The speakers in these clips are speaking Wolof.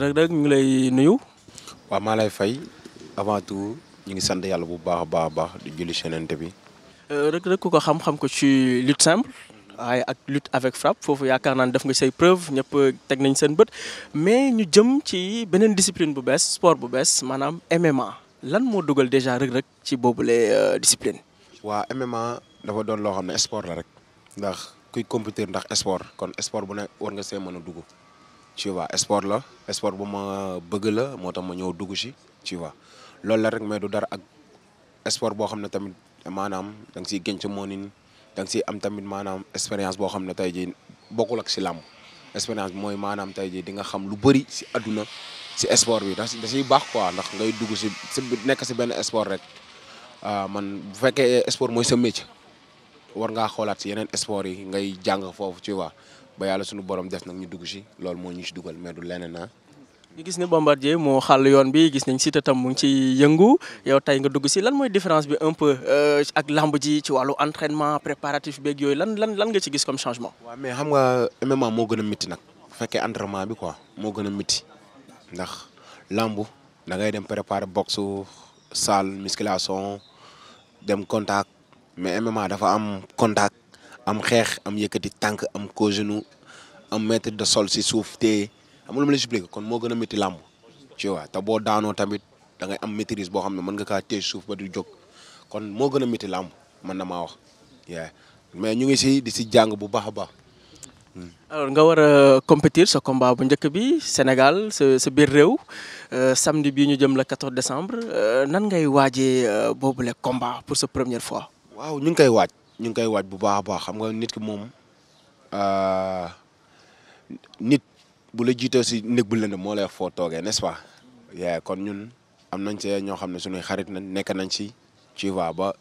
Reug Reug ñu ngi lay nuyu. waa maa lay fay avant tout ñu ngi sant yàlla bu baax a baax a baax di julli senente bi. Euh, Reug Reug ko xam-xam ko ci lutte simple. waaye ak lutte avec frappe foofu yaakaar naa ne def nga say preuve ñëpp teg nañ seen bët mais ñu jëm ci beneen discipline bu bees sport bu bees maanaam MMA lan moo dugal déjà Reug Reug ci boobu boobule euh, discipline. waa MMA dafa doon loo xam ne sport la rek. ndax kuy compétir ndax sport kon sport bu ne war nga see mën a dugg. ci vois sport la sport bu ma bëgg la moo tax ma ñëw dugg ci tu vois loolu la rek mais du dara ak sport boo xam ne tamit maanaam da siy gën ci moonin da nga siy am tamit maanaam expérience boo xam ne tey jii bokkul ak si làmb expérience mooy maanaam tey jii di nga xam lu bëri si àdduna si sport bi da da siy baax quoi ndax ngay dugg si si nekk si benn sport rek ah, man bu fekkee sport mooy sa métier war ngaa xoolaat si yeneen sport yi ngay jàng foofu ci vois. ba yàlla suñu borom def nag ñu dugg si loolu moo ñu si dugal mais du leneen ah. ñu gis ne Bombardier moo xàll yoon bi gis nañ si tam mu ngi ci yëngu yow tey nga dugg si lan mooy différence bi un peu euh, ak lamb ji ci wàllu entraînement préparatif beeg yooyu lan lan lan nga ci gis comme changement. waaw mais xam nga MMA moo gën a métti nag bu fekkee entraînement bi quoi moo gën a métti ndax lamb da ngay dem préparer boxu salle musculation dem contact mais MMA dafa am contact am xeex am yëkkati tànk am ko genou am mètre de sol si suuf te xam nga lu ma la expliqué kon moo gën a métti làmb te boo daanoo tamit da ngay am maîtrise boo xam ne mën nga kaa téye suuf ba du jóg kon moo gën a métti làmb mën na maa wax mais ñu ngi si di si jàng bu baax a baax. Hmm. alors nga war a compétir sa combat bu njëkk bi Sénégal sa sa biir réew euh, samedi bi ñu jëm la 14 décembre euh, nan ngay waaje euh, boobule combat pour sa première fois. waaw ñu ngi waaj ñu ngi koy waaj bu baax a baax xam nga nit ki moom euh, nit bu la jiitoo si néeg bu lënd moo lay wax foo toogee n'est-ce pas. kon ñun am nañ see ñoo xam ne suñuy xarit nañ nekk nañ si tu vois ba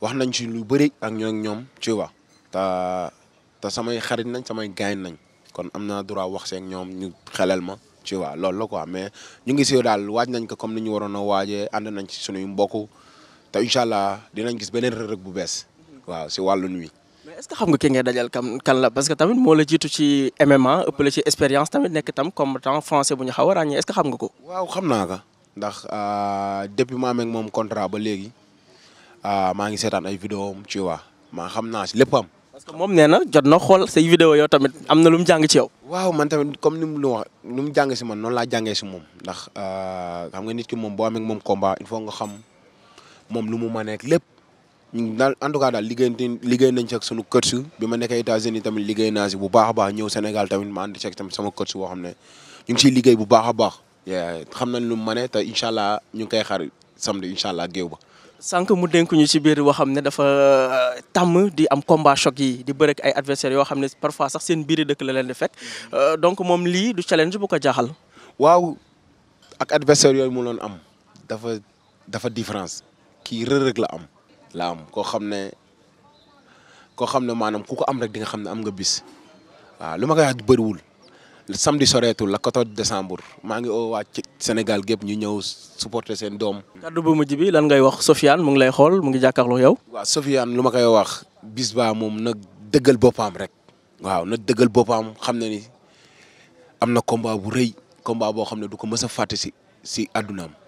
wax nañ si lu bëri ak ñoo ñoom tu vois te te samay xarit nañ samay gaañ nañ kon am naa droit wax seeg ñoom ñu xelal ma. tu vois lool la ko amee ñu ngi si daal waaj nañ ko comme ni ñu waroon a waajee ànd nañ ci suñuy mbokk te incha allah dinañ gis beneen rërëg bu bees. waaw si wàllu wi mais est-ce que xam nga ki ngay dajal kan kan la parce que tamit moo la jiitu ci MMA ëpp la ci expérience tamit nekk tam combattant français bu ñu xaw a ràññee que xam nga ko. waaw xam naa ko ndax euh, depuis ma amee moom contrat ba léegi euh, maa ngi seetaan ay vidéo am ci waa maa xam naa si lépp am. parce que moom nee na jot na xool say vidéo yow tamit am na lu mu jàng ci yow. waaw man tamit comme ni mu lu wax ni mu jàng si man noonu laa jàngee si moom ndax euh, xam nga nit ki moom boo amee moom combat il nga xam moom lu mu ma nekk lépp. ñu daal en tout cas daal liggéey liggéey nañ ci ak sunu coach bi ma nekkee États-Unis tamit liggéey naa si bu baax a baax ñëw Sénégal tamit ma sama coach boo xam ne ñu ngi siy liggéey bu baax a xam nañ lu mu mën te incha allah ñu ngi koy xar samedi incha allah géew ba. sànq mu dénk ñu ci biir waxam ne dafa euh, tàmm di am combat choc yi di bërek ay adversaires yoo xam ne parfois sax seen biiri dëkk leen di fekk euh, donc moom lii du challenge bu jaaxal. waaw ak adversaires yooyu mu loon am dafa dafa différence kii rërëg la am. laam am koo xam ne koo xam ne maanaam ku ko am rek di nga xam ne am nga bis waaw lu ma koy bëriwul samedi soreetul la 14 décembre maa ngi oo waa Sénégal gépp ñu ñëw supporter seen doom. kaddu bu mujj bi lan ngay wax Sofiane mu ngi lay xool mu ngi jàkkaarloo yow. waaw Sofiane lu ma koy wax bis baa moom na dëggal boppam rek. waaw na dëggal boppam xam ne ni am na combat bu rëy combat boo xam ne du ko mës a fàtte si si addunaam.